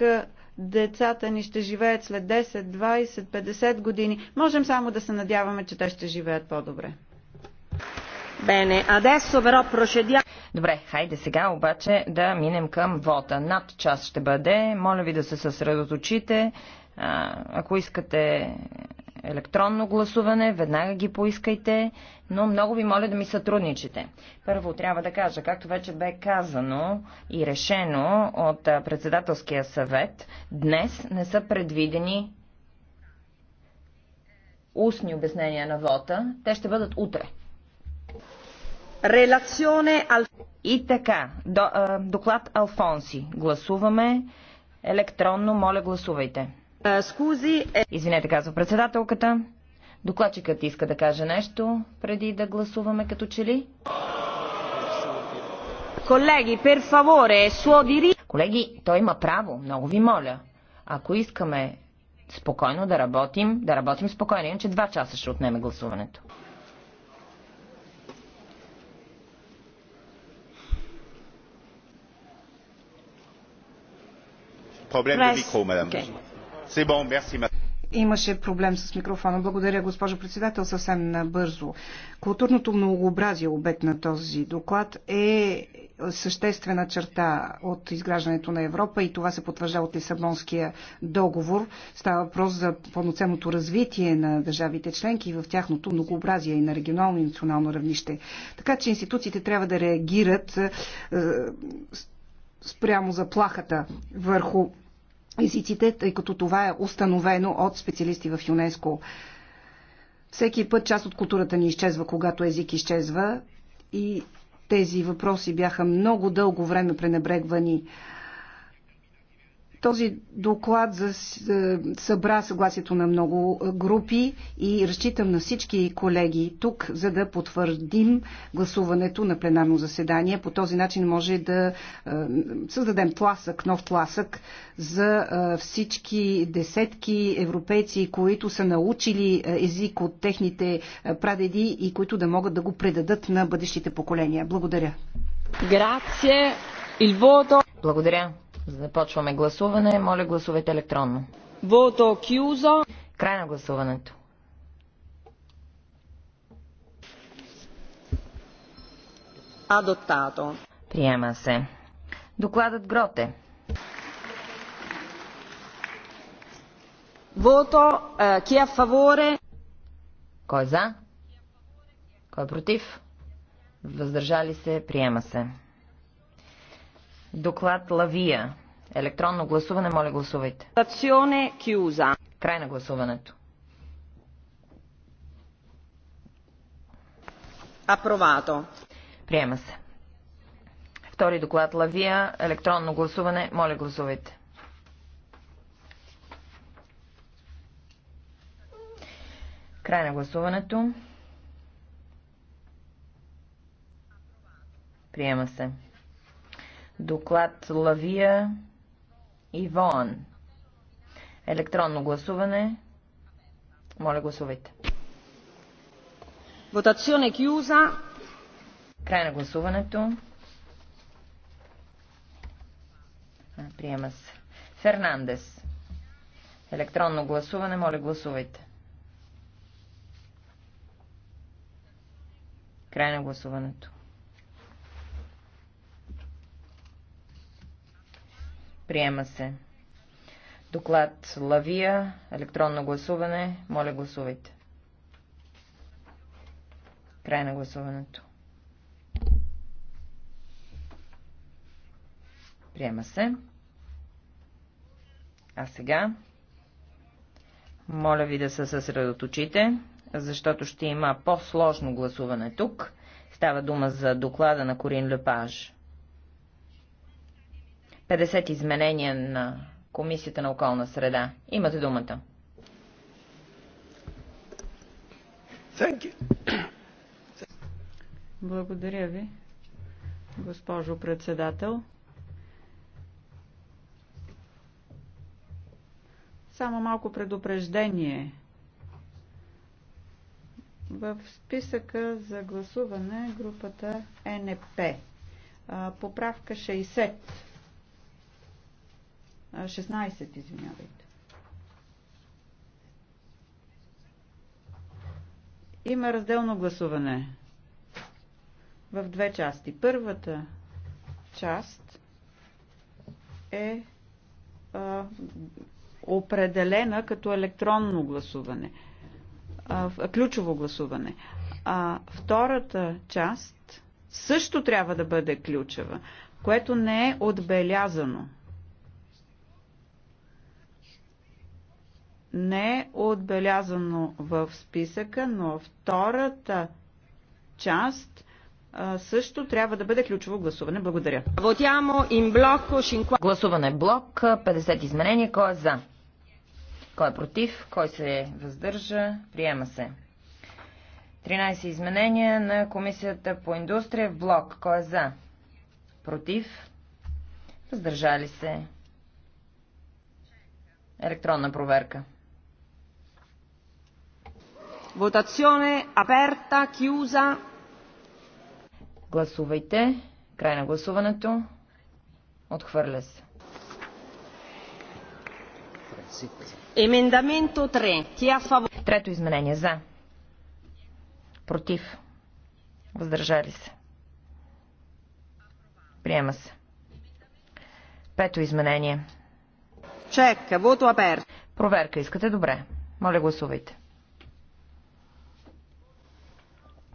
как децата ни ще живеят след 10, 20, 50 години. Можем само да се надяваме, че те ще живеят по-добре. Бене, адесо, веро, procediamo. Добре, хайде сега обаче да минем към вода. Над час ще бъде. Моля ви да се съсредоточите. Ако искате електронно гласуване, веднага ги поискайте, но много ви моля да ми сътрудничите. Първо трябва да кажа, както вече бе казано и решено от председателския съвет, днес не са предвидени устни обяснения на вота. Те ще бъдат утре. Релационе ал... И така, до, а, доклад Алфонси. Гласуваме електронно. Моля, гласувайте. Е, е. Извинете, казва председателката. Докладчикът иска да каже нещо преди да гласуваме като чели. Колеги, пер фаворе, суодири... Колеги, той има право, много ви моля. Ако искаме спокойно да работим, да работим спокойно, иначе два часа ще отнеме гласуването. Проблем на микро, мадам. Okay. Имаше проблем с микрофона. Благодаря, госпожо председател, съвсем набързо. Културното многообразие, обект на този доклад, е съществена черта от изграждането на Европа и това се потвържда от Лисабонския договор. Става въпрос за пълноценното развитие на държавите членки и в тяхното многообразие и на регионално и национално равнище. Така че институциите трябва да реагират е, спрямо заплахата върху езиците, тъй като това е установено от специалисти в ЮНЕСКО. Всеки път част от културата ни изчезва, когато език изчезва и тези въпроси бяха много дълго време пренебрегвани. Този доклад за, е, събра съгласието на много е, групи и разчитам на всички колеги тук, за да потвърдим гласуването на пленарно заседание. По този начин може да е, създадем тласък, нов тласък за всички десетки европейци, които са научили език от техните прадеди и които да могат да го предадат на бъдещите поколения. Благодаря. Благодаря. Започваме гласуване. Моля, гласувайте електронно. Вото кюзо. Край на гласуването. Адоптато. Приема се. Докладът Гроте. Вото Ки фаворе. Кой е за? Кой е против? Въздържали се? Приема се. Доклад Лавия. Електронно гласуване, моля гласувайте. Край на гласуването. Апровато. Приема се. Втори доклад Лавия. Електронно гласуване, моля гласувайте. Край на гласуването. Приема се. Доклад Лавия и Воан. Електронно гласуване. Моля, гласувайте. Вотационе Кюза. Край на гласуването. Приема се. Фернандес. Електронно гласуване. Моля, гласувайте. Край на гласуването. Приема се. Доклад Лавия. Електронно гласуване. Моля гласувайте. Край на гласуването. Приема се. А сега, моля ви да се съсредоточите, защото ще има по-сложно гласуване тук. Става дума за доклада на Корин Лепаж. 50 изменения на Комисията на околна среда. Имате думата. Благодаря ви, госпожо председател. Само малко предупреждение. В списъка за гласуване групата е НП. Поправка 60 16, извинявайте. Има разделно гласуване в две части. Първата част е а, определена като електронно гласуване, а, ключово гласуване. А втората част също трябва да бъде ключова, което не е отбелязано. не е отбелязано в списъка, но втората част също трябва да бъде ключово гласуване. Благодаря. им Гласуване блок, 50 изменения. Кой е за? Кой е против? Кой се въздържа? Приема се. 13 изменения на Комисията по индустрия в блок. Кой е за? Против? Въздържали се. Електронна проверка. Votazione aperta, chiusa. Гласувайте. Край на гласуването. Отхвърля се. Емендаменто е 3. Трето изменение. За. Против. Въздържали се. Приема се. Пето изменение. Чек, вото апер. Проверка искате? Добре. Моля гласувайте.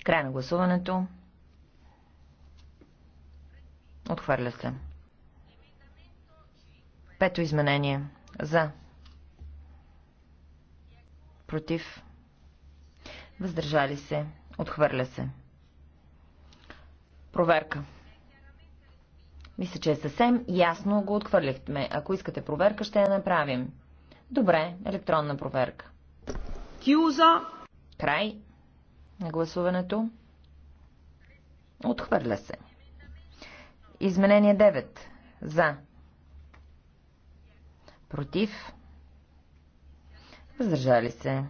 Край на гласуването. Отхвърля се. Пето изменение. За. Против. Въздържали се. Отхвърля се. Проверка. Мисля, че е съвсем ясно го отхвърлихме. Ако искате проверка, ще я направим. Добре, електронна проверка. Кюза. Край на гласуването. Отхвърля се. Изменение 9. За. Против. Въздържали се.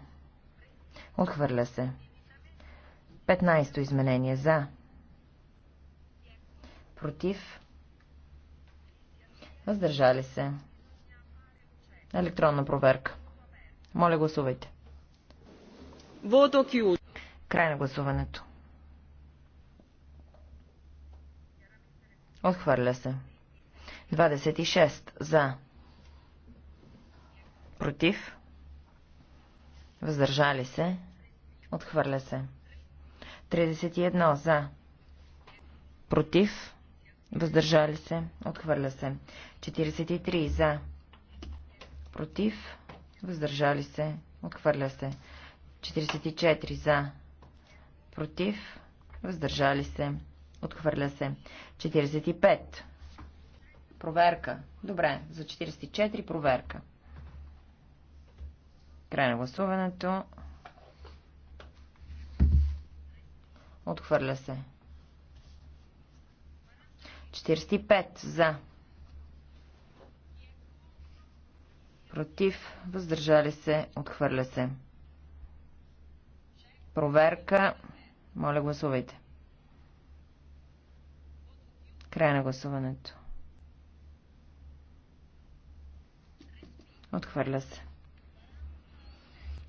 Отхвърля се. 15-то изменение. За. Против. Въздържали се. Електронна проверка. Моля гласувайте. Водокюз. Край на гласуването. Отхвърля се. 26. За. Против. Въздържали се. Отхвърля се. 31. За. Против. Въздържали се. Отхвърля се. 43. За. Против. Въздържали се. Отхвърля се. 44. За против, въздържали се, отхвърля се. 45. Проверка. Добре, за 44 проверка. Край на гласуването. Отхвърля се. 45 за. Против, въздържали се, отхвърля се. Проверка. Моля, гласувайте. Край на гласуването. Отхвърля се.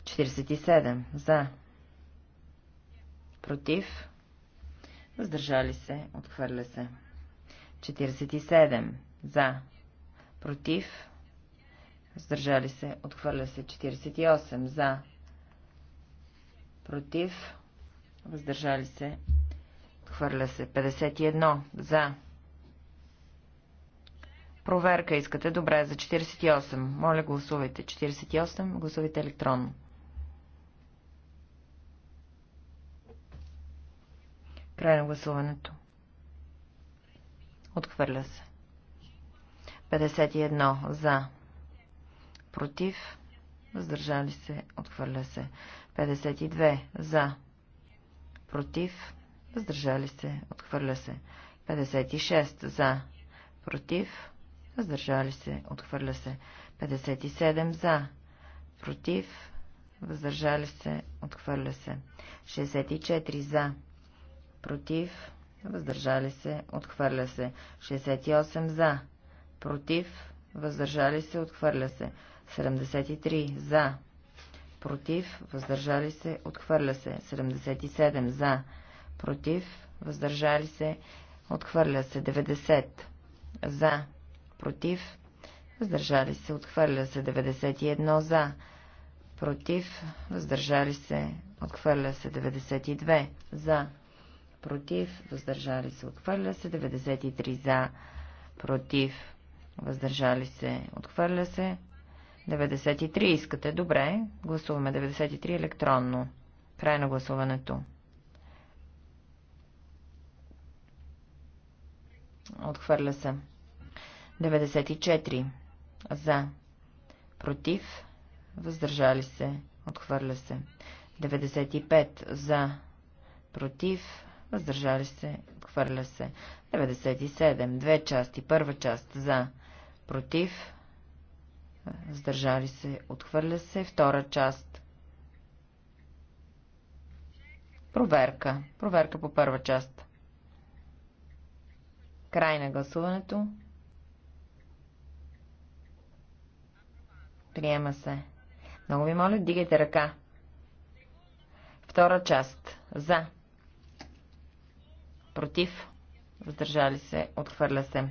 47. За. Против. Въздържали се. Отхвърля се. 47. За. Против. Въздържали се. Отхвърля се. 48. За. Против въздържали се, хвърля се. 51 за. Проверка искате. Добре, за 48. Моля, гласувайте. 48. Гласувайте електронно. Край на гласуването. Отхвърля се. 51 за. Против. Въздържали се. Отхвърля се. 52 за против, въздържали се, отхвърля се. 56 за, против, въздържали се, отхвърля се. 57 за, против, въздържали се, отхвърля се. 64 за, против, въздържали се, отхвърля се. 68 за, против, въздържали се, отхвърля се. 73 за, против, въздържали се, отхвърля се. 77 за, против, въздържали се, отхвърля се. 90 за, против, въздържали се, отхвърля се. 91 за, против, въздържали се, отхвърля се. 92 за, против, въздържали се, отхвърля се. 93 за, против, въздържали се, отхвърля се. 93 искате. Добре. Гласуваме 93 електронно. Край на гласуването. Отхвърля се. 94. За. Против. Въздържали се. Отхвърля се. 95. За. Против. Въздържали се. Отхвърля се. 97. Две части. Първа част. За. Против Сдържали се, отхвърля се. Втора част. Проверка. Проверка по първа част. Край на гласуването. Приема се. Много ви моля, дигайте ръка. Втора част. За. Против. Въздържали се. Отхвърля се.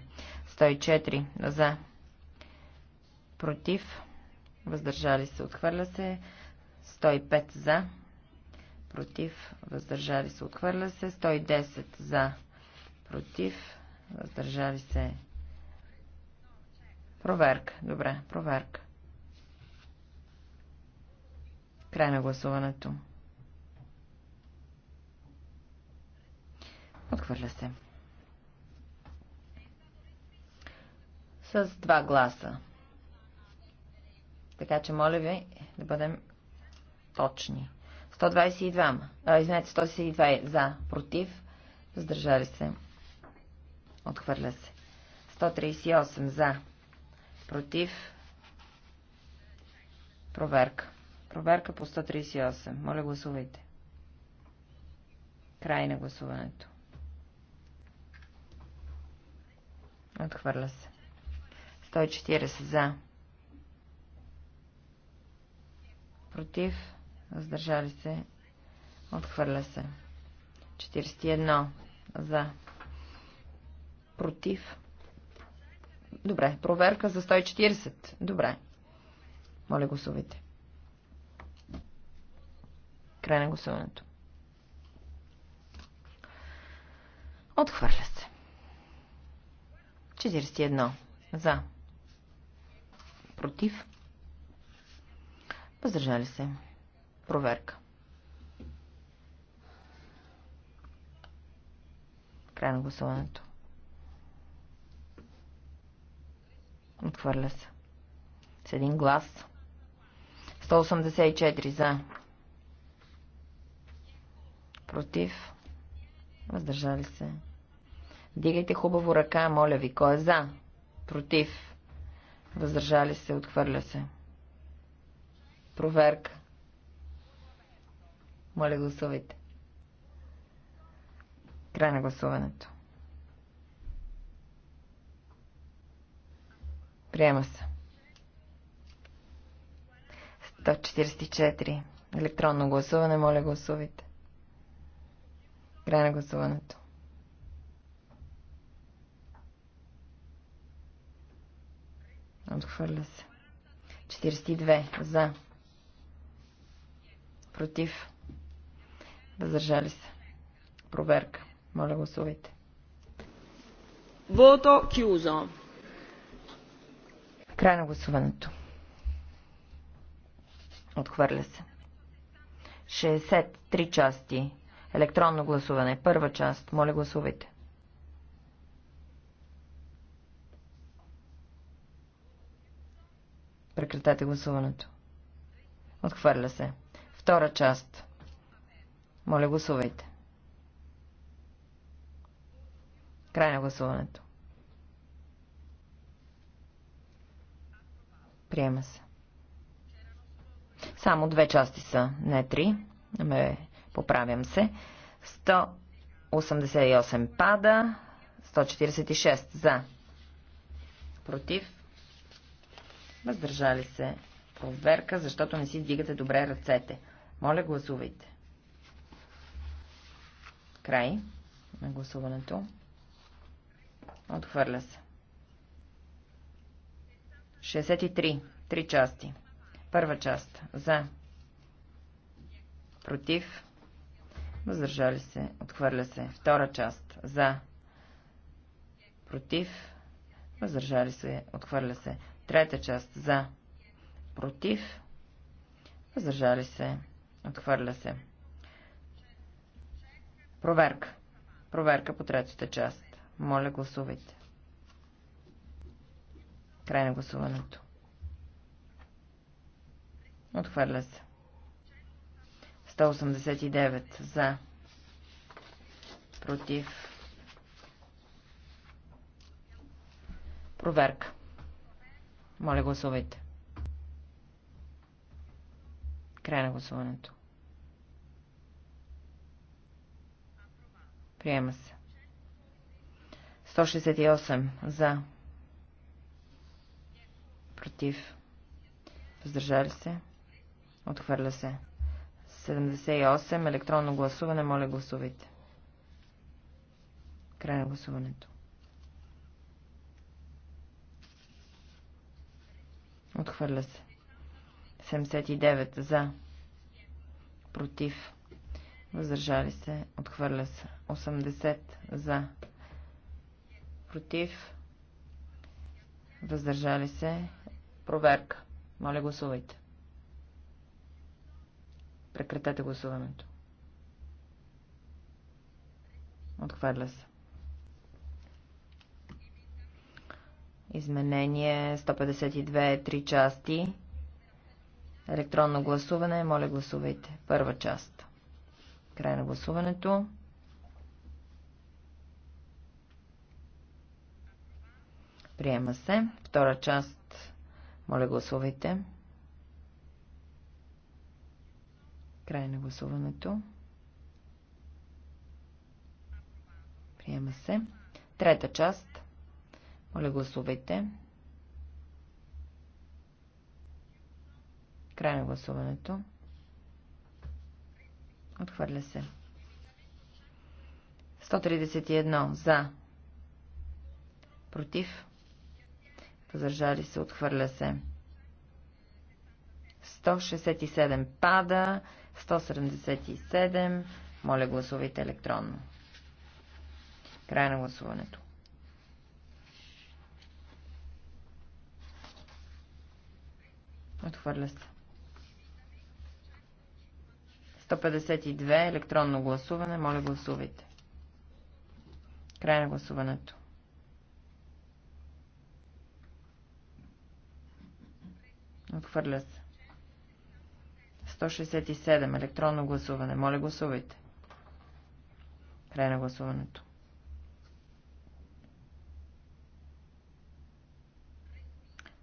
104. За против, въздържали се, отхвърля се, 105 за, против, въздържали се, отхвърля се, 110 за, против, въздържали се. Проверка, добре, проверка. Край на гласуването. Отхвърля се. С два гласа. Така че моля ви да бъдем точни. 122, а, извинете, 162 е за, против, въздържали се. Отхвърля се. 138 за, против, проверка. Проверка по 138. Моля, гласувайте. Край на гласуването. Отхвърля се. 140 за. против, въздържали се, отхвърля се. 41 за, против. Добре, проверка за 140. Добре. Моля, гласувайте. Край на гласуването. Отхвърля се. 41 за, против, Въздържали се. Проверка. Край на гласуването. Отхвърля се. С един глас. 184 за. Против. Въздържали се. Дигайте хубаво ръка, моля ви. Кой е за? Против. Въздържали се. Отхвърля се. Проверка. Моля, гласувайте. Край на гласуването. Приема се. 144. Електронно гласуване. Моля, гласувайте. Край на гласуването. Отхвърля се. 42. За. Против. Въздържали се. Проверка. Моля гласувайте. Вото Кюзо. Край на гласуването. Отхвърля се. 63 части. Електронно гласуване. Първа част. Моля гласувайте. Прекратете гласуването. Отхвърля се. Втора част. Моля, гласувайте. Край на гласуването. Приема се. Само две части са, не три. Ме поправям се. 188 пада, 146 за. Против. Въздържали се проверка, защото не си дигате добре ръцете. Моля, гласувайте. Край на гласуването. Отхвърля се. 63. Три части. Първа част. За. Против. Въздържали се. Отхвърля се. Втора част. За. Против. Въздържали се. Отхвърля се. Трета част. За. Против. Въздържали се. Отхвърля се. Проверка. Проверка по третата част. Моля, гласувайте. Край на гласуването. Отхвърля се. 189 за. Против. Проверка. Моля, гласувайте. Край на гласуването. Приема се. 168 за. Против. Въздържали се. Отхвърля се. 78. Електронно гласуване. Моля, гласувайте. Край на гласуването. Отхвърля се. 79 за. Против. Въздържали се. Отхвърля се. 80 за. Против. Въздържали се. Проверка. Моля, гласувайте. Прекратете гласуването. Отхвърля се. Изменение 152 3 части. Електронно гласуване. Моля, гласувайте. Първа част. Край на гласуването. Приема се. Втора част. Моля, гласувайте. Край на гласуването. Приема се. Трета част. Моля, гласувайте. Край на гласуването. Отхвърля се. 131 за. Против. Въздържали се. Отхвърля се. 167 пада. 177. Моля гласувайте електронно. Край на гласуването. Отхвърля се. 152 електронно гласуване. Моля гласувайте. Край на гласуването. Отхвърля се. 167 електронно гласуване. Моля гласувайте. Край на гласуването.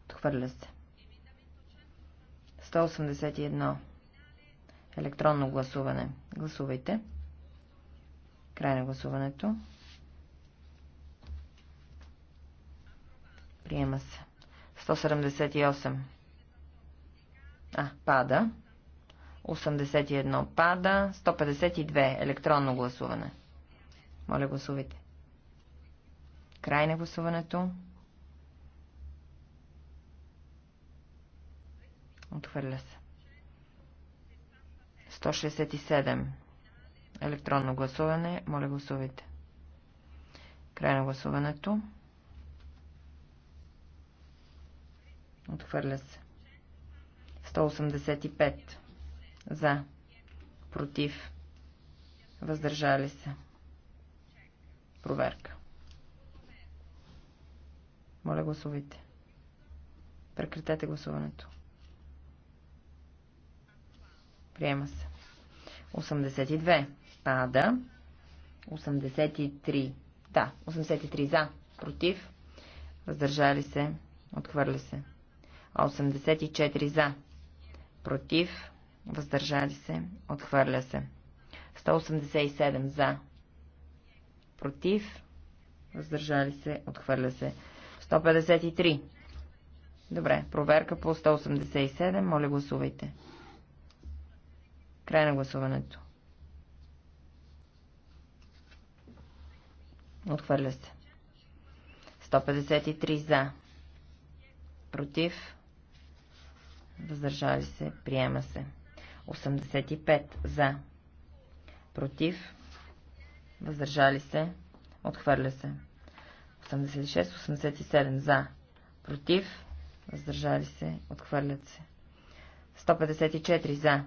Отхвърля се. 181. Електронно гласуване. Гласувайте. Край на гласуването. Приема се. 178. А, пада. 81 пада. 152. Електронно гласуване. Моля, гласувайте. Край на гласуването. Отхвърля се. 167. Електронно гласуване. Моля гласувайте. Край на гласуването. Отхвърля се. 185. За. Против. Въздържали се. Проверка. Моля гласувайте. Прекратете гласуването. Приема се. 82 пада. 83. Да, 83 за. Против. Въздържали се. Отхвърля се. 84 за. Против. Въздържали се. Отхвърля се. 187 за. Против. Въздържали се. Отхвърля се. 153. Добре. Проверка по 187. Моля гласувайте. Край на гласуването. Отхвърля се. 153 за. Против. Въздържали се. Приема се. 85 за. Против. Въздържали се. Отхвърля се. 86-87 за. Против. Въздържали се. Отхвърлят се. 154 за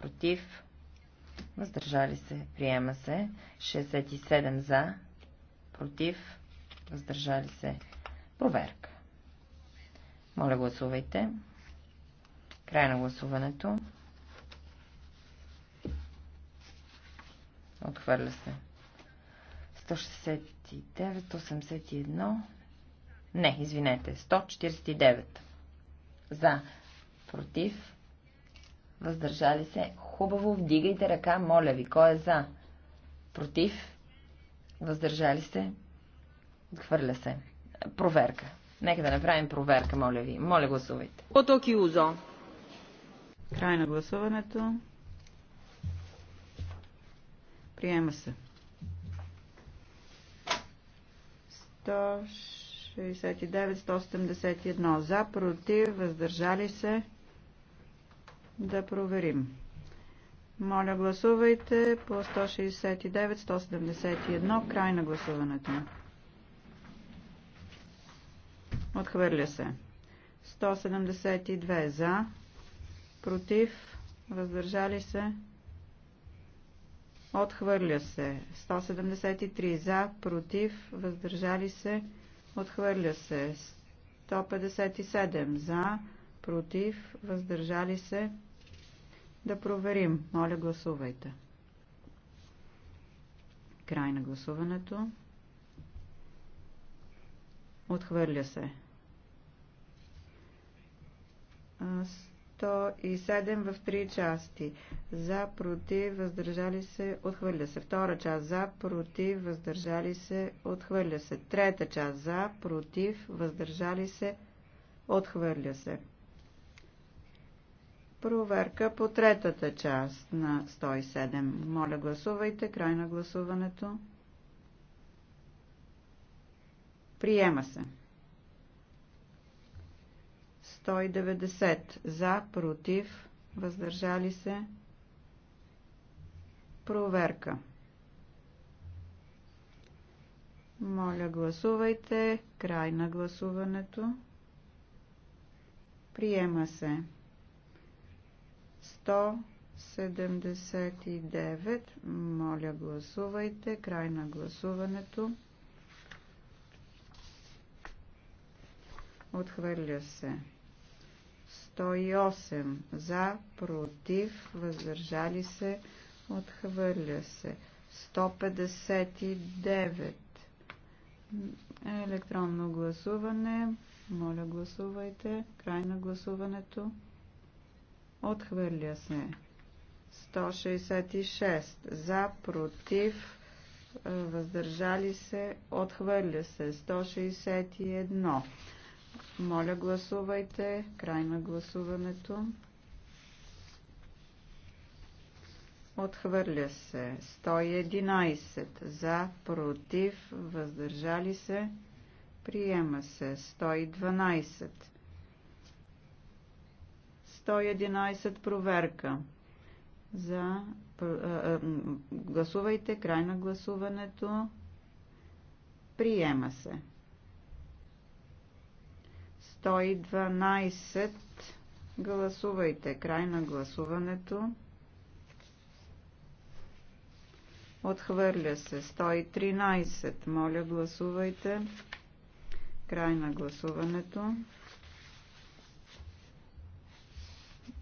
против, въздържали се, приема се, 67 за, против, въздържали се, проверка. Моля гласувайте. Край на гласуването. Отхвърля се. 169, 81. Не, извинете. 149. За. Против въздържали се. Хубаво, вдигайте ръка, моля ви. Кой е за? Против? Въздържали се? Хвърля се. Проверка. Нека да направим проверка, моля ви. Моля, гласувайте. Кото узо. Край на гласуването. Приема се. 169-181 за, против, въздържали се да проверим. Моля, гласувайте по 169-171, край на гласуването. Отхвърля се. 172 за, против, въздържали се. Отхвърля се. 173 за, против, въздържали се. Отхвърля се. 157 за, против, въздържали се. Да проверим. Моля, гласувайте. Край на гласуването. Отхвърля се. 107 в 3 части. За, против, въздържали се, отхвърля се. Втора част за, против, въздържали се, отхвърля се. Трета част за, против, въздържали се, отхвърля се. Проверка по третата част на 107. Моля гласувайте. Край на гласуването. Приема се. 190 за, против, въздържали се. Проверка. Моля гласувайте. Край на гласуването. Приема се. 179. Моля, гласувайте. Край на гласуването. Отхвърля се. 108. За, против, въздържали се. Отхвърля се. 159. Електронно гласуване. Моля, гласувайте. Край на гласуването. Отхвърля се. 166 за, против, въздържали се, отхвърля се. 161. Моля, гласувайте. Край на гласуването. Отхвърля се. 111 за, против, въздържали се, приема се. 112 111 проверка. За. Гласувайте. Край на гласуването. Приема се. 112. Гласувайте. Край на гласуването. Отхвърля се. 113. Моля, гласувайте. Край на гласуването.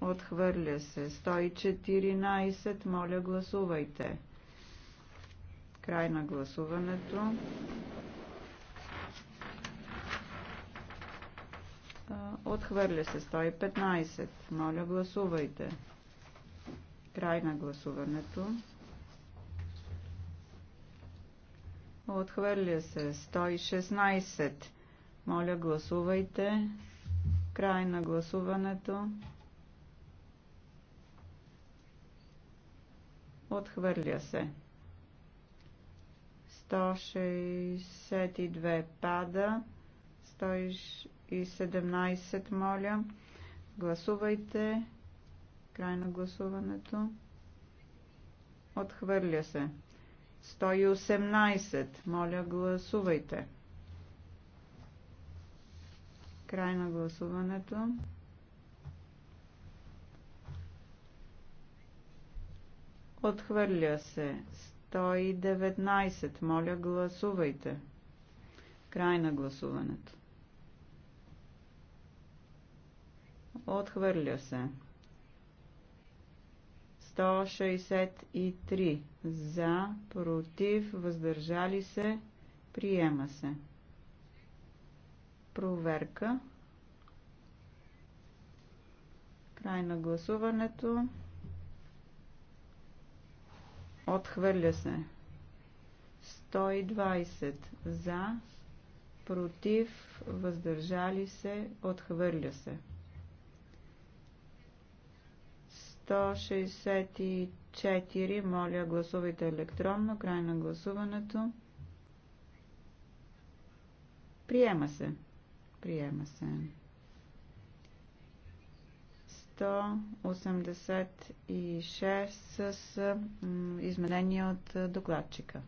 Отхвърля се. 114. Моля, гласувайте. Край на гласуването. Отхвърля се. 115. Моля, гласувайте. Край на гласуването. Отхвърля се. 116. Моля, гласувайте. Край на гласуването. Отхвърля се. 162 пада. 117 моля. Гласувайте. Край на гласуването. Отхвърля се. 118. Моля, гласувайте. Край на гласуването. Отхвърля се. 119. Моля, гласувайте. Край на гласуването. Отхвърля се. 163. За, против, въздържали се, приема се. Проверка. Край на гласуването. Отхвърля се. 120 за, против, въздържали се, отхвърля се. 164, моля гласувайте електронно, край на гласуването. Приема се. Приема се. 186 с изменение от докладчика.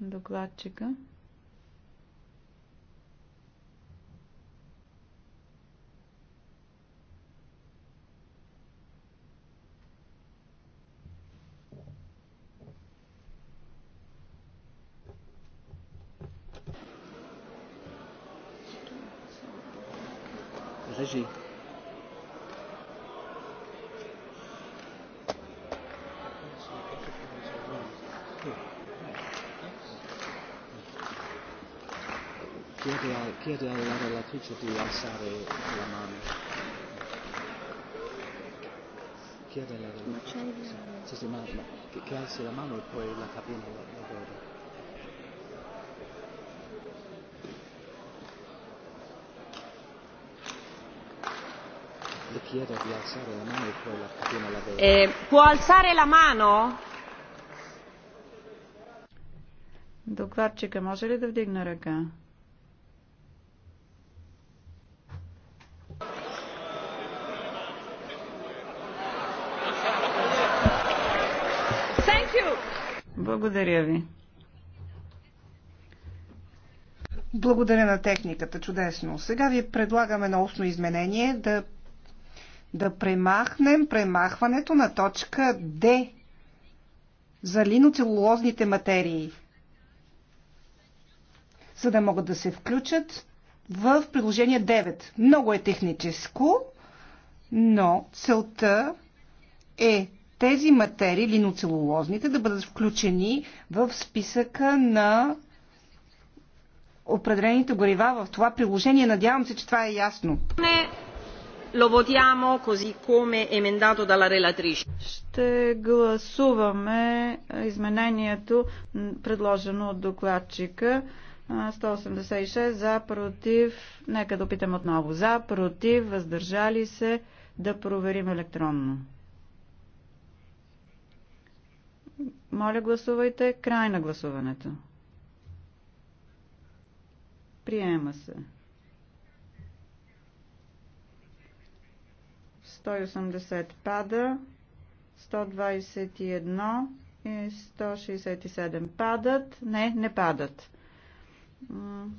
Докладчика. Кажи. Chiedo alla relatrice di alzare la mano. Chiedo alla relatrice. Sì, sì, ma ma, che che alzi la mano e poi la cabina lo vede. Eh, Può alzare la mano? Докладчика може ли да вдигна ръка? Благодаря ви. Благодаря на техниката, чудесно. Сега ви предлагаме на устно изменение да да премахнем премахването на точка Д за линоцелулозните материи, за да могат да се включат в приложение 9. Много е техническо, но целта е тези материи, линоцелулозните, да бъдат включени в списъка на определените горива в това приложение. Надявам се, че това е ясно. Не. Lo votiamo così come Ще гласуваме изменението, предложено от докладчика. 186 за, против, нека да опитам отново, за, против, въздържали се, да проверим електронно. Моля гласувайте, край на гласуването. Приема се. 180 пада, 121 и 167 падат. Не, не падат.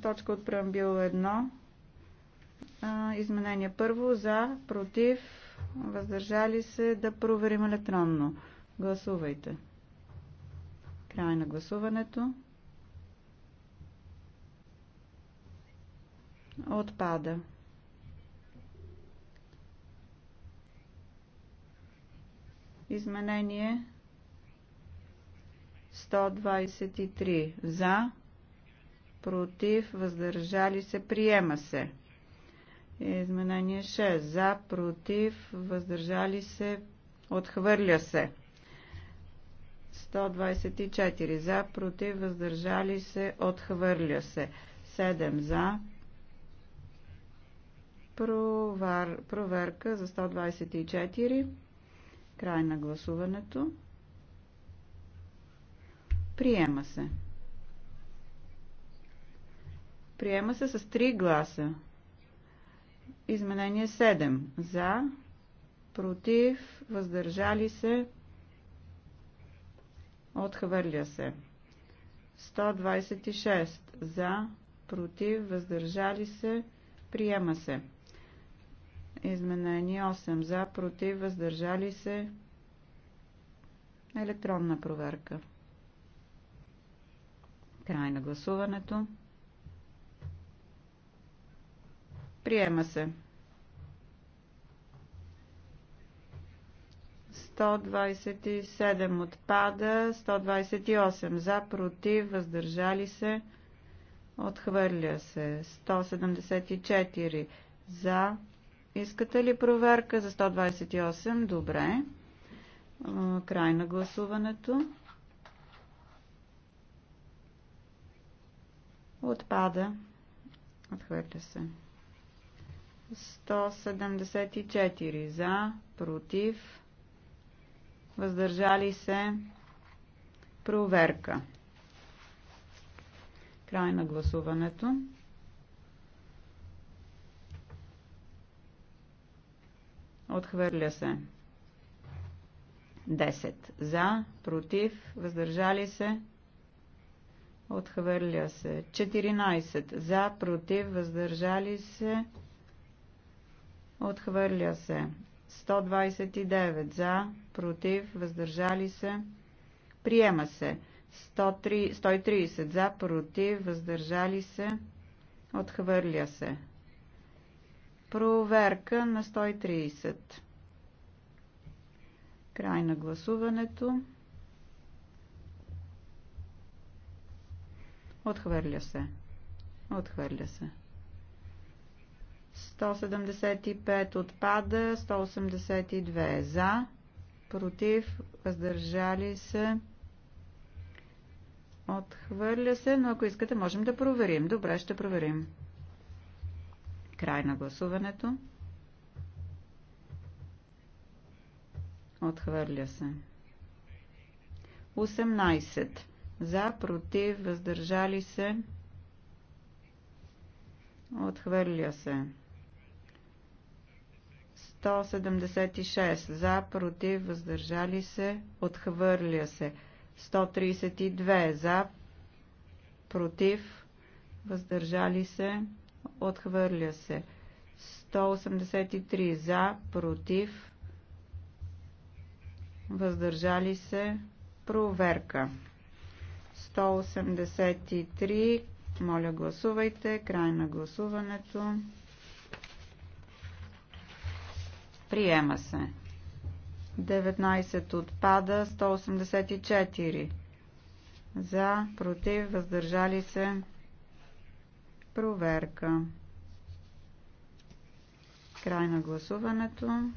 Точка от преамбил 1. Изменение първо за, против, въздържали се да проверим електронно. Гласувайте. Край на гласуването. Отпада. Изменение 123. За, против, въздържали се, приема се. Изменение 6. За, против, въздържали се, отхвърля се. 124. За, против, въздържали се, отхвърля се. 7. За, провар, проверка за 124. Край на гласуването. Приема се. Приема се с 3 гласа. Изменение 7. За, против, въздържали се, отхвърля се. 126. За, против, въздържали се, приема се. Изменени 8 за, против, въздържали се. Електронна проверка. Край на гласуването. Приема се. 127 отпада, 128 за, против, въздържали се, отхвърля се, 174 за, Искате ли проверка за 128? Добре. Край на гласуването. Отпада. Отхвърля се. 174 за, против, въздържали се, проверка. Край на гласуването. Отхвърля се. 10. За, против, въздържали се. Отхвърля се. 14. За, против, въздържали се. Отхвърля се. 129. За, против, въздържали се. Приема се. 130. За, против, въздържали се. Отхвърля се. Проверка на 130. Край на гласуването. Отхвърля се. Отхвърля се. 175 отпада, 182 за, против, въздържали се. Отхвърля се, но ако искате, можем да проверим. Добре, ще проверим. Край на гласуването. Отхвърля се. 18. За, против, въздържали се. Отхвърля се. 176. За, против, въздържали се. Отхвърля се. 132. За, против, въздържали се. Отхвърля се. 183 за, против, въздържали се, проверка. 183, моля гласувайте, край на гласуването. Приема се. 19 отпада, 184 за, против, въздържали се, Проверка. Край на гласуването.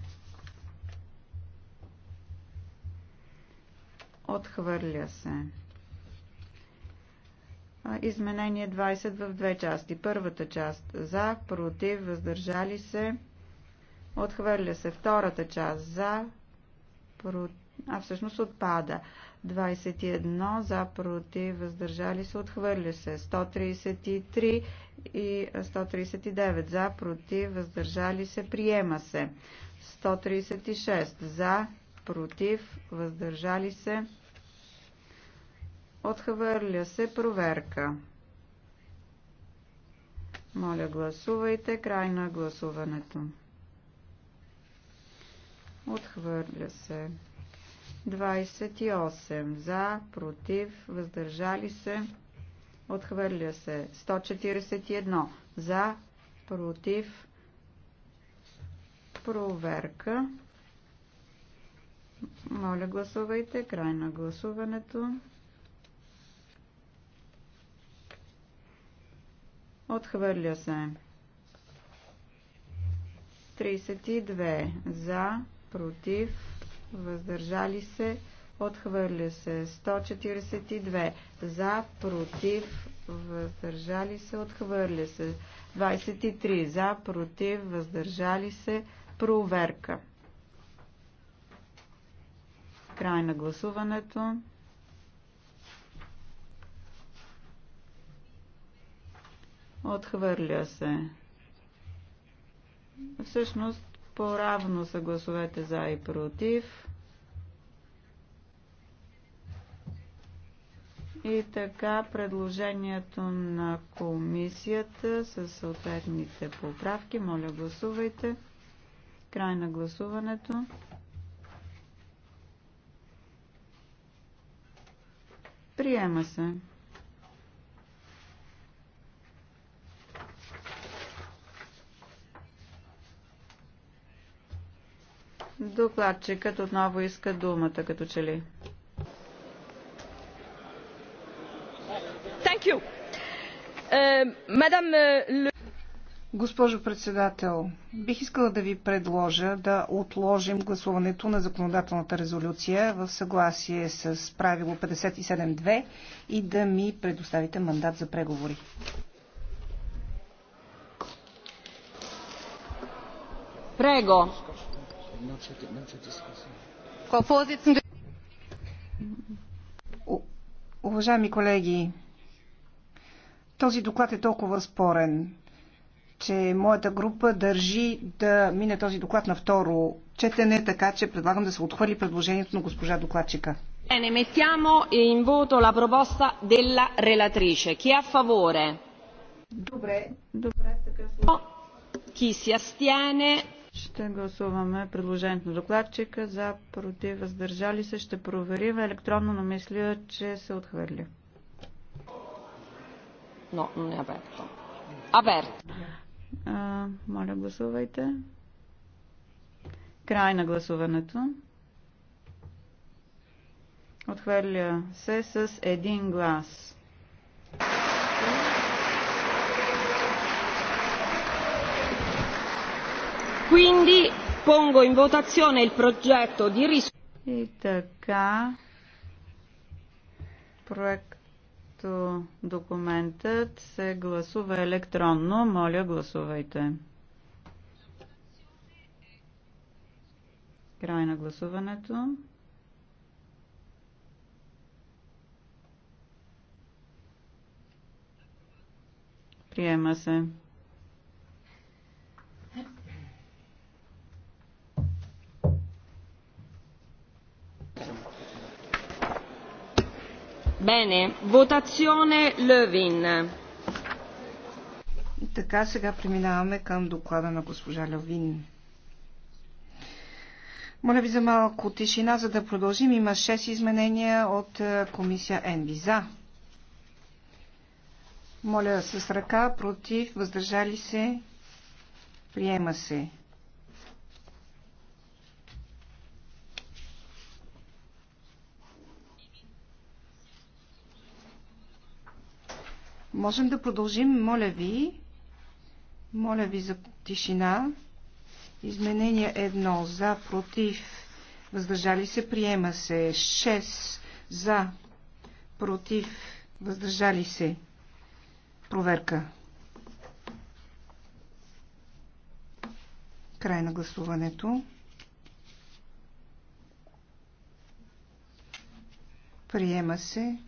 Отхвърля се. Изменение 20 в две части. Първата част за, против, въздържали се. Отхвърля се втората част за, против а всъщност отпада. 21 за против, въздържали се, отхвърля се. 133 и 139 за против, въздържали се, приема се. 136 за против, въздържали се, отхвърля се, проверка. Моля, гласувайте. Край на гласуването. Отхвърля се. 28 за, против, въздържали се, отхвърля се. 141 за, против, проверка. Моля, гласувайте. Край на гласуването. Отхвърля се. 32 за, против, въздържали се, отхвърля се. 142 за, против, въздържали се, отхвърля се. 23 за, против, въздържали се, проверка. Край на гласуването. Отхвърля се. Всъщност по-равно са гласовете за и против. И така предложението на комисията с съответните поправки. Моля гласувайте. Край на гласуването. Приема се. Докладчикът отново иска думата, като че ли. Е, е, Госпожо председател, бих искала да ви предложа да отложим гласуването на законодателната резолюция в съгласие с правило 57.2 и да ми предоставите мандат за преговори. Прего. Frau Vorsitzende. Уважаеми колеги, този доклад е толкова спорен, че моята група държи да мине този доклад на второ четене, така че предлагам да се отхвърли предложението на госпожа докладчика. Bene, mettiamo in voto la proposta della relatrice. Chi è a favore? Chi si astiene? Ще гласуваме предложението на докладчика за против въздържали се. Ще проверим електронно, но мисля, че се отхвърля. Но, но не аберто. Аберт. моля, гласувайте. Край на гласуването. Отхвърля се с един глас. Quindi pongo in votazione il progetto di risoluzione. проекто документът се гласува електронно. Моля, гласувайте. Край на гласуването. Приема се. Bene, votazione Lövin. Така сега преминаваме към доклада на госпожа Левин. Моля ви за малко тишина, за да продължим. Има 6 изменения от е, комисия ЕНВИ. За. Моля с ръка, против, въздържали се, приема се. Можем да продължим, моля ви. Моля ви за тишина. Изменение едно за, против, въздържали се, приема се. 6 за, против, въздържали се. Проверка. Край на гласуването. Приема се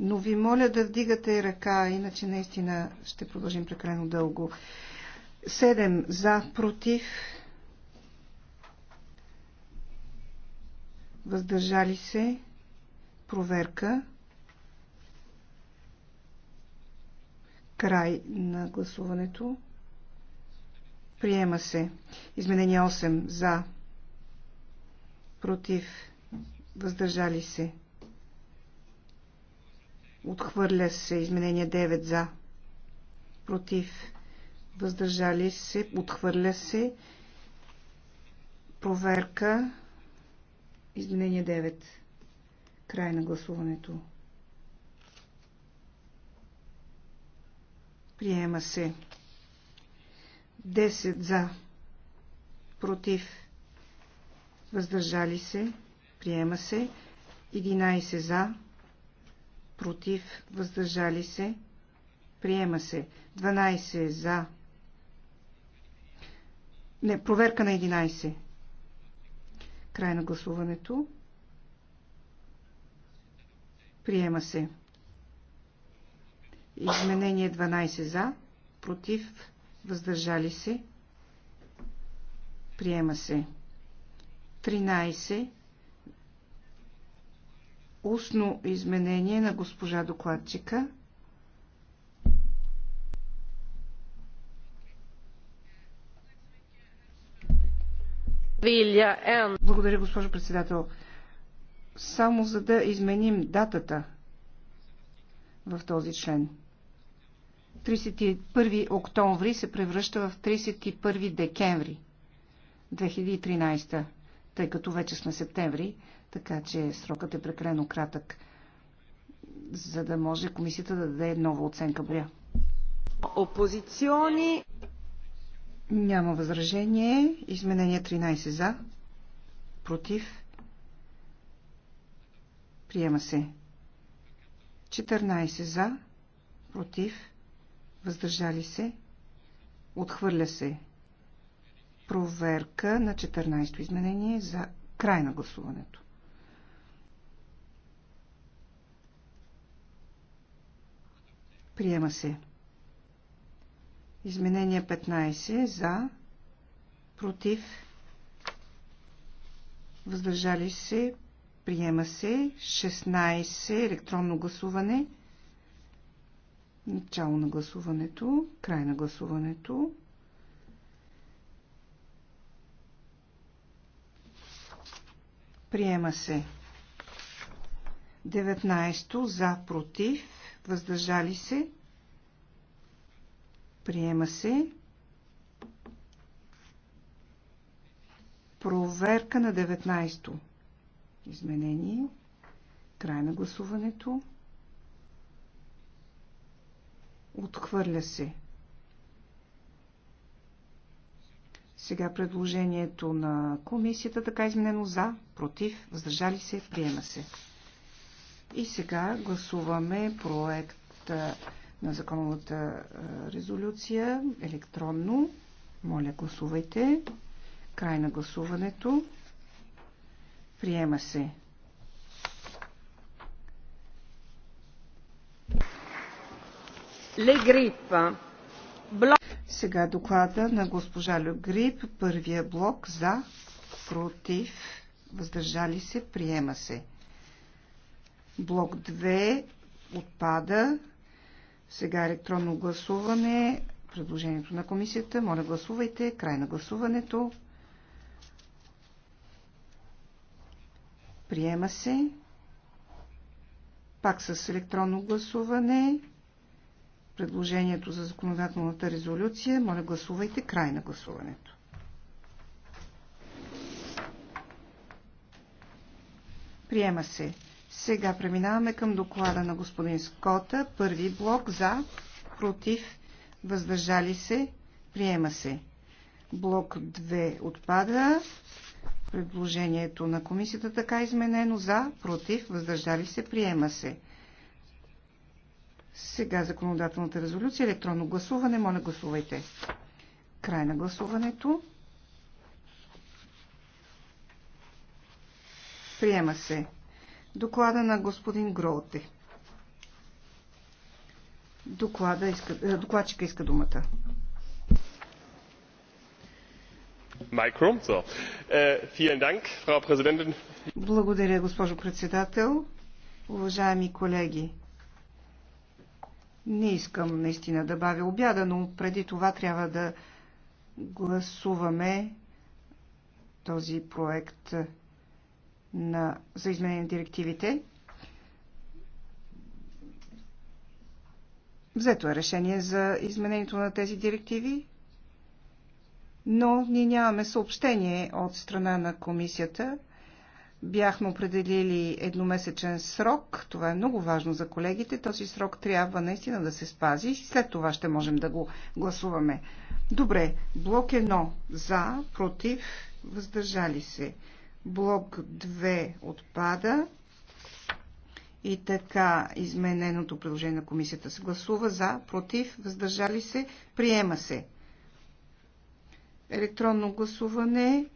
но ви моля да вдигате ръка, иначе наистина ще продължим прекалено дълго. 7 за, против, въздържали се, проверка, край на гласуването, приема се, изменение 8 за, против, въздържали се, Отхвърля се изменение 9 за. Против. Въздържали се. Отхвърля се. Проверка. Изменение 9. Край на гласуването. Приема се. 10 за. Против. Въздържали се. Приема се. 11 за против, въздържали се, приема се. 12 за. Не, проверка на 11. Край на гласуването. Приема се. Изменение 12 за, против, въздържали се. Приема се. 13 устно изменение на госпожа докладчика. Благодаря, госпожо председател. Само за да изменим датата в този член. 31 октомври се превръща в 31 декември 2013, тъй като вече сме септември така че срокът е прекалено кратък, за да може комисията да даде нова оценка. Боря. Опозициони. Няма възражение. Изменение 13 за. Против. Приема се. 14 за. Против. Въздържали се. Отхвърля се. Проверка на 14-то изменение за край на гласуването. Приема се. Изменение 15 за, против, въздържали се, приема се, 16 електронно гласуване, начало на гласуването, край на гласуването. Приема се. 19 за, против, въздържали се, приема се. Проверка на 19-то изменение, край на гласуването, отхвърля се. Сега предложението на комисията така изменено за, против, въздържали се, приема се. И сега гласуваме проект на законовата резолюция електронно. Моля, гласувайте. Край на гласуването. Приема се. Легрипа. Блок... Сега доклада на госпожа Грип. Първия блок за, против, въздържали се, приема се. Блок 2 отпада. Сега електронно гласуване. Предложението на комисията. Моля гласувайте. Край на гласуването. Приема се. Пак с електронно гласуване. Предложението за законодателната резолюция. Моля гласувайте. Край на гласуването. Приема се. Сега преминаваме към доклада на господин Скота. Първи блок за, против, въздържали се, приема се. Блок 2 отпада. Предложението на комисията така изменено за, против, въздържали се, приема се. Сега законодателната резолюция, електронно гласуване, моля гласувайте. Край на гласуването. Приема се доклада на господин Гроуте. Доклада иска, е, докладчика иска думата. Е, Благодаря, госпожо председател. Уважаеми колеги, не искам наистина да бавя обяда, но преди това трябва да гласуваме този проект на, за изменение на директивите. Взето е решение за изменението на тези директиви, но ние нямаме съобщение от страна на комисията. Бяхме определили едномесечен срок. Това е много важно за колегите. Този срок трябва наистина да се спази. След това ще можем да го гласуваме. Добре, блок 1 за, против, въздържали се. Блок 2 отпада. И така измененото предложение на комисията се гласува за, против, въздържали се, приема се. Електронно гласуване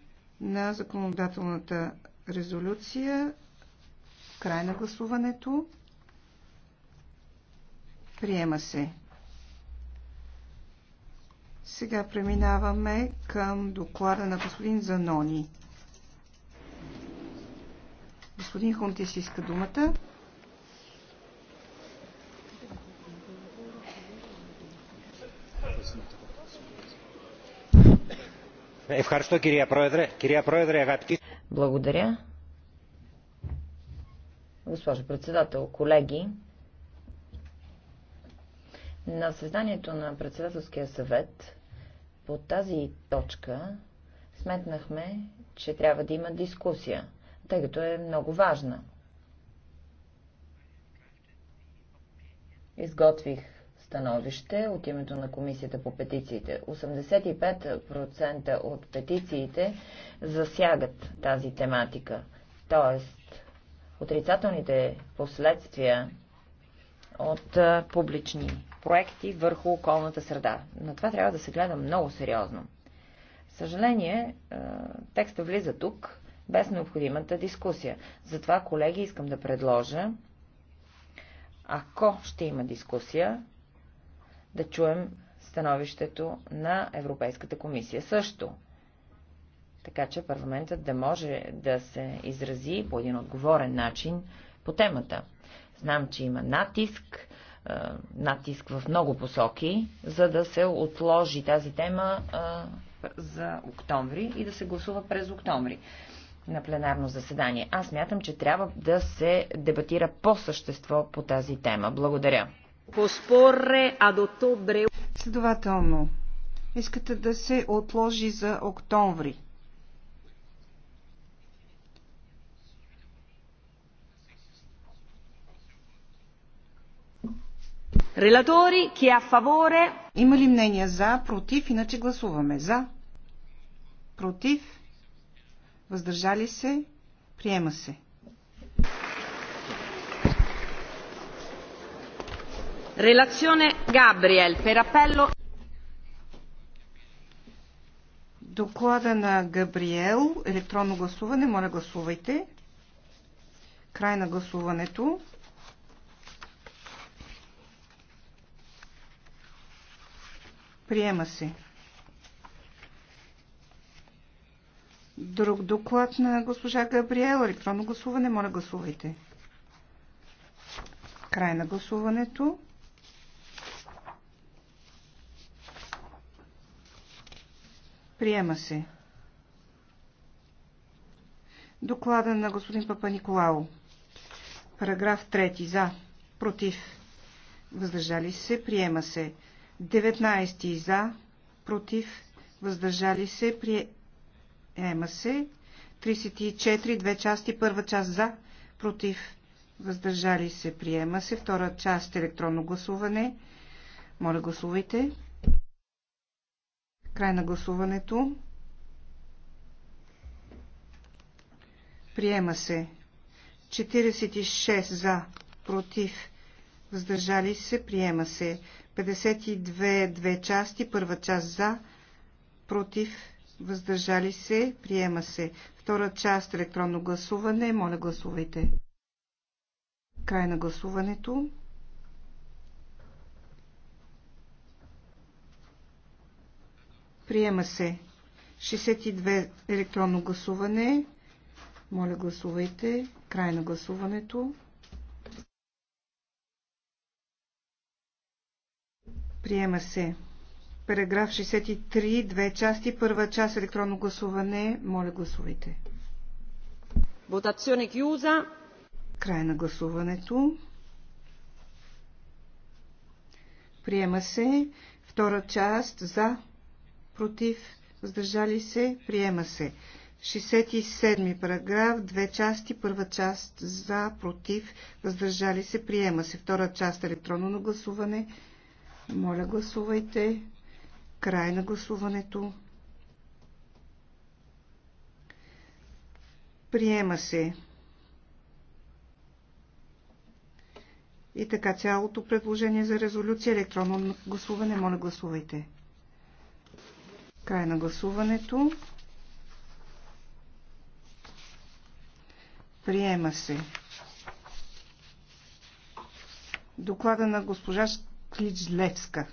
на законодателната резолюция. Край на гласуването. Приема се. Сега преминаваме към доклада на господин Занони. Господин Хунтис иска думата. Благодаря. Госпожо председател, колеги, на създанието на председателския съвет по тази точка сметнахме, че трябва да има дискусия тъй като е много важна. Изготвих становище от името на Комисията по петициите. 85% от петициите засягат тази тематика. Тоест, отрицателните последствия от публични проекти върху околната среда. На това трябва да се гледа много сериозно. Съжаление, текста влиза тук без необходимата дискусия. Затова, колеги, искам да предложа, ако ще има дискусия, да чуем становището на Европейската комисия също. Така че парламентът да може да се изрази по един отговорен начин по темата. Знам, че има натиск, е, натиск в много посоки, за да се отложи тази тема е, за октомври и да се гласува през октомври на пленарно заседание. Аз мятам, че трябва да се дебатира по същество по тази тема. Благодаря. Следователно, искате да се отложи за октомври. Релатори, ки а е фаворе. Има ли мнения за, против, иначе гласуваме за, против, въздържали се, приема се. Релационе Габриел. per Доклада на Габриел, електронно гласуване, моля гласувайте. Край на гласуването. Приема се. Друг доклад на госпожа Габриел. Електронно гласуване. Моля, гласувайте. Край на гласуването. Приема се. Доклада на господин Папа Николао. Параграф 3. За. Против. Въздържали се. Приема се. 19. За. Против. Въздържали се. Приема Приема се. 34, две части, първа част за, против, въздържали се, приема се. Втора част електронно гласуване. Моля, гласувайте. Край на гласуването. Приема се. 46 за, против, въздържали се, приема се. 52 две части, първа част за, против, въздържали се, приема се. Втора част електронно гласуване, моля гласувайте. Край на гласуването. Приема се. 62 електронно гласуване. Моля гласувайте. Край на гласуването. Приема се. Параграф 63, две части. Първа част електронно гласуване. Моля гласувайте. Votazione chiusa. Край на гласуването. Приема се. Втора част за, против, въздържали се. Приема се. 67 параграф, две части. Първа част за, против, въздържали се. Приема се. Втора част електронно гласуване. Моля гласувайте. Край на гласуването. Приема се. И така цялото предложение за резолюция електронно гласуване. Моля, гласувайте. Край на гласуването. Приема се. Доклада на госпожа Кличлевска.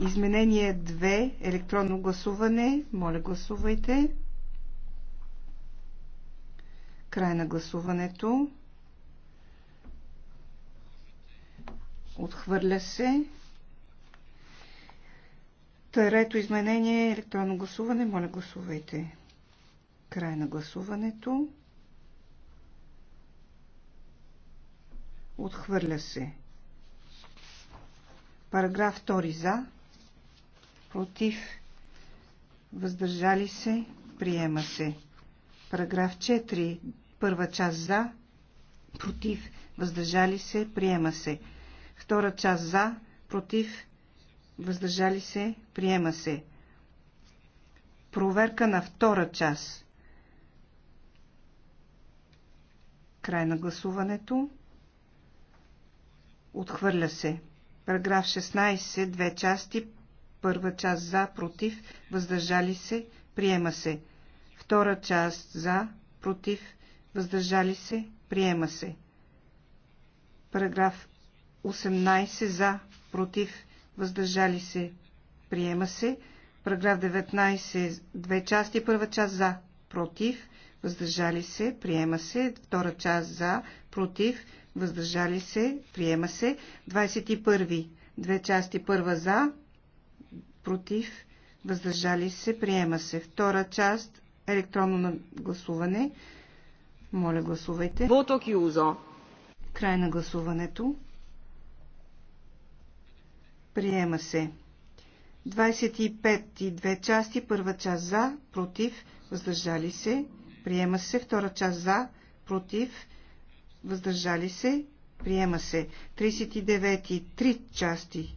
Изменение 2. Електронно гласуване. Моля, гласувайте. Край на гласуването. Отхвърля се. Трето изменение електронно гласуване. Моля, гласувайте. Край на гласуването. Отхвърля се. Параграф 2 за против, въздържали се, приема се. Параграф 4, първа част за, против, въздържали се, приема се. Втора част за, против, въздържали се, приема се. Проверка на втора част. Край на гласуването. Отхвърля се. Параграф 16, две части. Първа част за, против, въздържали се, приема се. Втора част за, против, въздържали се, приема се. Параграф 18 за, против, въздържали се, приема се. Параграф 19, две части, първа част за, против, въздържали се, приема се, втора част за, против, въздържали се, приема се, 21, две части, първа за, против, въздържали се, приема се. Втора част, електронно гласуване. Моля, гласувайте. Вото кюзо. Край на гласуването. Приема се. 25 и две части. Първа част за, против, въздържали се. Приема се. Втора част за, против, въздържали се. Приема се. 39 и три части.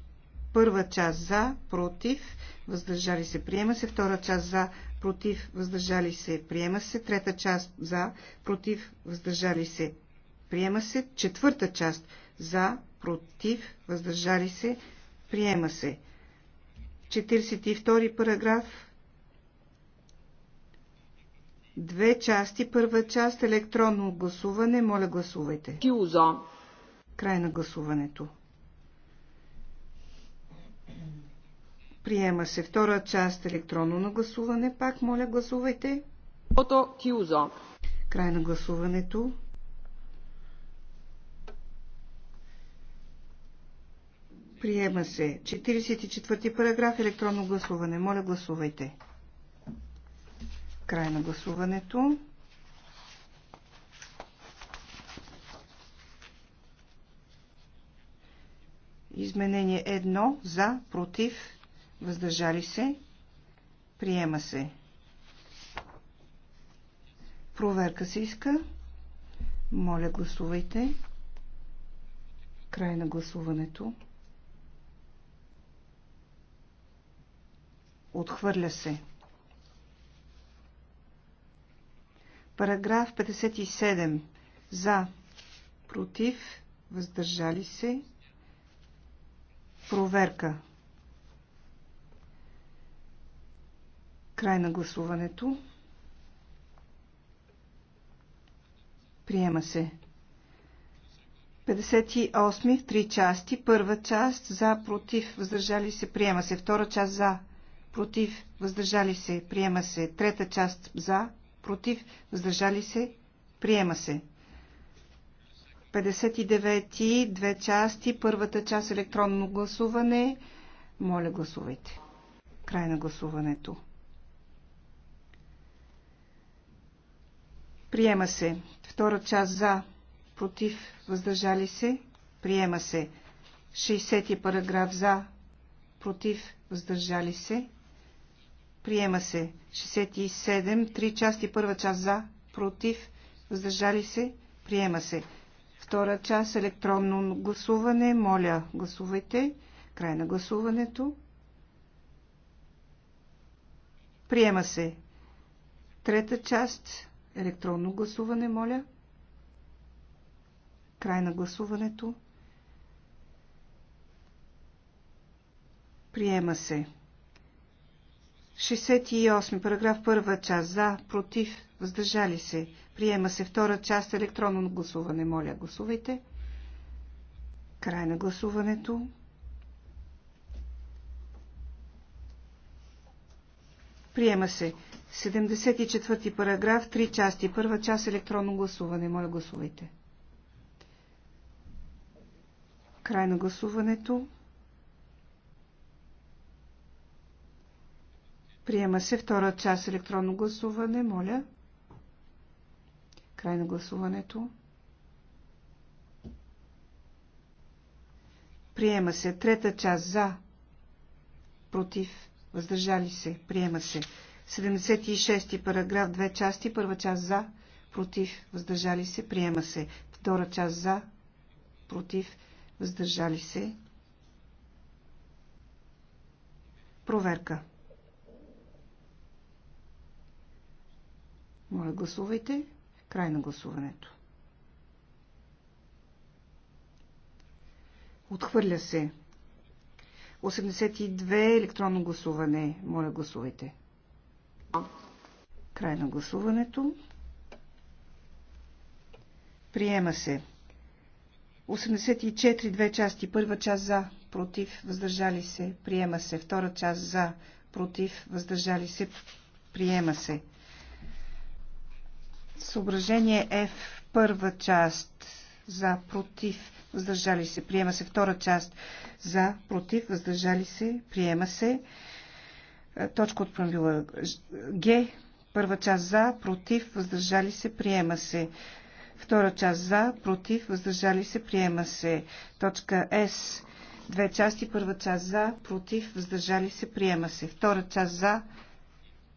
Първа част за, против, въздържали се, приема се. Втора част за, против, въздържали се, приема се. Трета част за, против, въздържали се, приема се. Четвърта част за, против, въздържали се, приема се. 42 параграф. Две части. Първа част електронно гласуване. Моля гласувайте. Край на гласуването. Приема се втора част електронно на гласуване. Пак моля гласувайте. Ото Кюзо. Край на гласуването. Приема се 44 параграф електронно гласуване. Моля гласувайте. Край на гласуването. Изменение 1 за, против, въздържали се, приема се. Проверка се иска. Моля, гласувайте. Край на гласуването. Отхвърля се. Параграф 57. За, против, въздържали се. Проверка. Край на гласуването. Приема се. 58 в три части. Първа част за, против, въздържали се, приема се. Втора част за, против, въздържали се, приема се. Трета част за, против, въздържали се, приема се. 59 две части. Първата част електронно гласуване. Моля, гласувайте. Край на гласуването. Приема се. Втора част за, против, въздържали се. Приема се. 60 параграф за, против, въздържали се. Приема се. 67, три части, първа част за, против, въздържали се. Приема се. Втора част електронно гласуване. Моля, гласувайте. Край на гласуването. Приема се. Трета част Електронно гласуване, моля. Край на гласуването. Приема се. 68. Параграф 1 част. За, против, въздържали се. Приема се втора част електронно гласуване. Моля, гласувайте. Край на гласуването. Приема се. 74 параграф, 3 части. Първа част електронно гласуване. Моля гласувайте. Край на гласуването. Приема се втора част електронно гласуване. Моля. Край на гласуването. Приема се трета част за. Против. Въздържали се. Приема се. 76 параграф, две части. Първа част за, против, въздържали се, приема се. Втора част за, против, въздържали се. Проверка. Моля, гласувайте. Край на гласуването. Отхвърля се. 82 електронно гласуване. Моля, гласувайте. Край на гласуването. Приема се. 84 две части. Първа част за, против, въздържали се. Приема се. Втора част за, против, въздържали се. Приема се. Съображение F. Първа част за, против, въздържали се. Приема се. Втора част за, против, въздържали се. Приема се. Е, точка от правила Г. Първа част за, против, въздържали се, приема се. Втора част за, против, въздържали се, приема се. Точка С. Две части. Първа част за, против, въздържали се, приема се. Втора част за,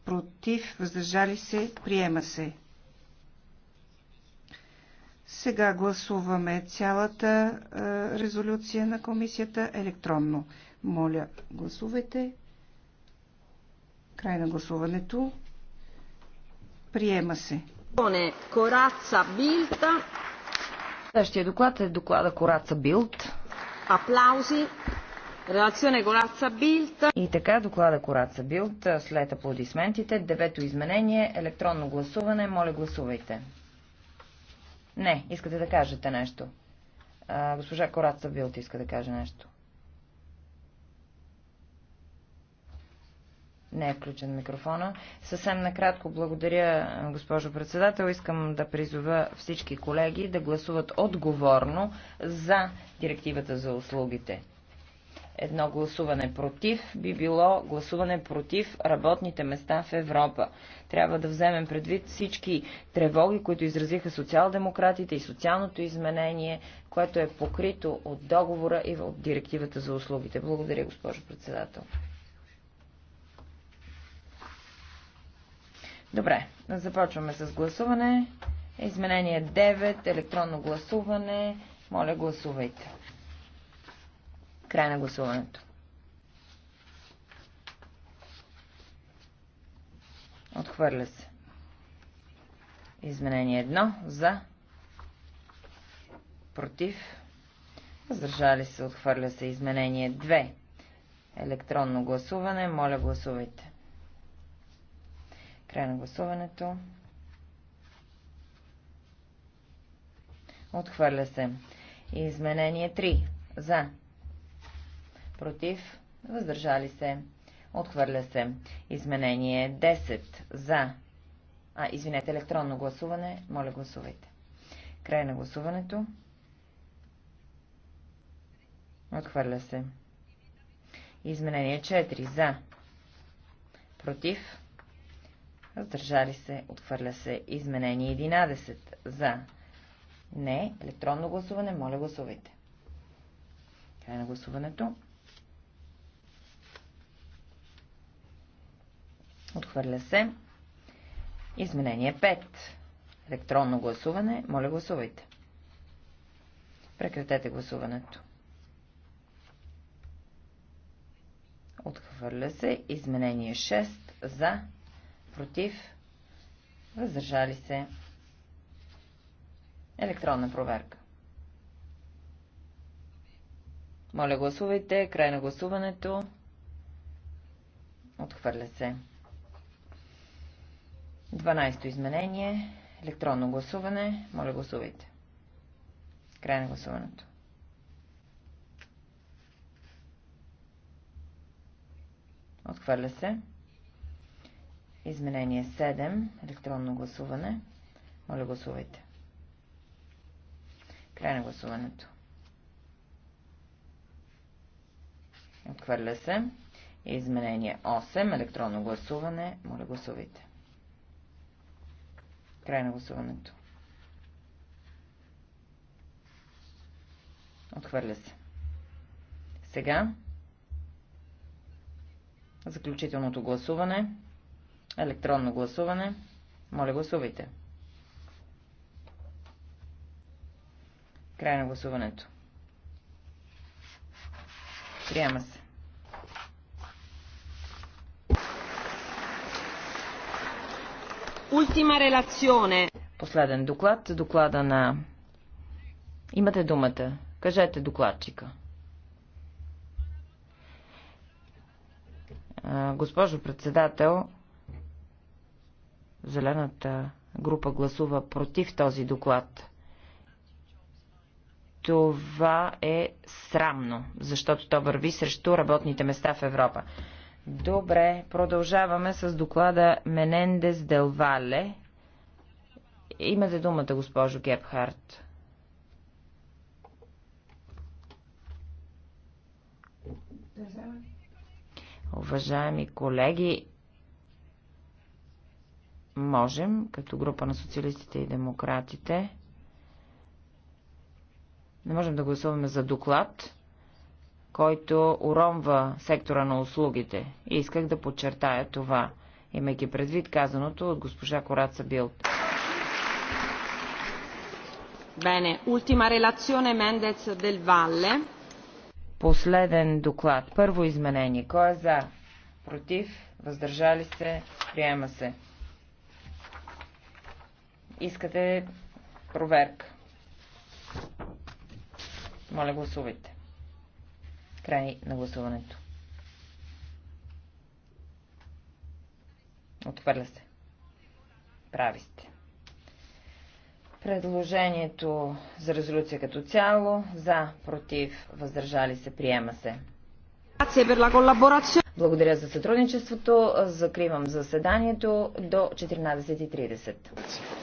против, въздържали се, приема се. Сега гласуваме цялата е, резолюция на комисията електронно. Моля, гласувайте. Край на гласуването. Приема се. Кораца Билта. Следващия доклад е доклада Кораца Билт. Аплаузи. Релационе Кораца Билт. И така, доклада Кораца Билт след аплодисментите. Девето изменение. Електронно гласуване. Моля, гласувайте. Не, искате да кажете нещо. А, госпожа Кораца Билт иска да каже нещо. Не е включен микрофона. Съвсем накратко благодаря, госпожо председател. Искам да призова всички колеги да гласуват отговорно за директивата за услугите. Едно гласуване против би било гласуване против работните места в Европа. Трябва да вземем предвид всички тревоги, които изразиха социал-демократите и социалното изменение, което е покрито от договора и от директивата за услугите. Благодаря, госпожо председател. Добре, започваме с гласуване. Изменение 9, електронно гласуване. Моля, гласувайте. Край на гласуването. Отхвърля се. Изменение 1 за. Против. Въздържали се. Отхвърля се. Изменение 2. Електронно гласуване. Моля, гласувайте. Край на гласуването. Отхвърля се. Изменение 3. За. Против. Въздържали се. Отхвърля се. Изменение 10. За. А, извинете, електронно гласуване. Моля, гласувайте. Край на гласуването. Отхвърля се. Изменение 4. За. Против въздържали се, отхвърля се. Изменение 11 за, не, електронно гласуване, моля гласувайте. Край на гласуването. Отхвърля се. Изменение 5. Електронно гласуване. Моля гласувайте. Прекратете гласуването. Отхвърля се. Изменение 6. За против, въздържали се. Електронна проверка. Моля, гласувайте. Край на гласуването. Отхвърля се. 12-то изменение. Електронно гласуване. Моля, гласувайте. Край на гласуването. Отхвърля се. Изменение 7. Електронно гласуване. Моля, гласувайте. Край на гласуването. Отхвърля се. Изменение 8. Електронно гласуване. Моля, гласувайте. Край на гласуването. Отхвърля се. Сега заключителното гласуване. Електронно гласуване. Моля, гласувайте. Край на гласуването. Приема се. Ултима релационе. Последен доклад. Доклада на... Имате думата. Кажете докладчика. Госпожо председател, Зелената група гласува против този доклад. Това е срамно, защото то върви срещу работните места в Европа. Добре, продължаваме с доклада Менендес Делвале. Имате думата, госпожо Гепхарт. Уважаеми колеги, можем, като група на социалистите и демократите, не можем да гласуваме за доклад, който уронва сектора на услугите. И исках да подчертая това, имайки предвид казаното от госпожа Кораца Билт. Bene, ultima relazione Mendez del Valle. Последен доклад. Първо изменение. Кой е за? Против? Въздържали се? Приема се. Искате проверка. Моля, гласувайте. Край на гласуването. Отхвърля се. Прави сте. Предложението за резолюция като цяло, за, против, въздържали се, приема се. Благодаря за сътрудничеството. Закривам заседанието до 14.30.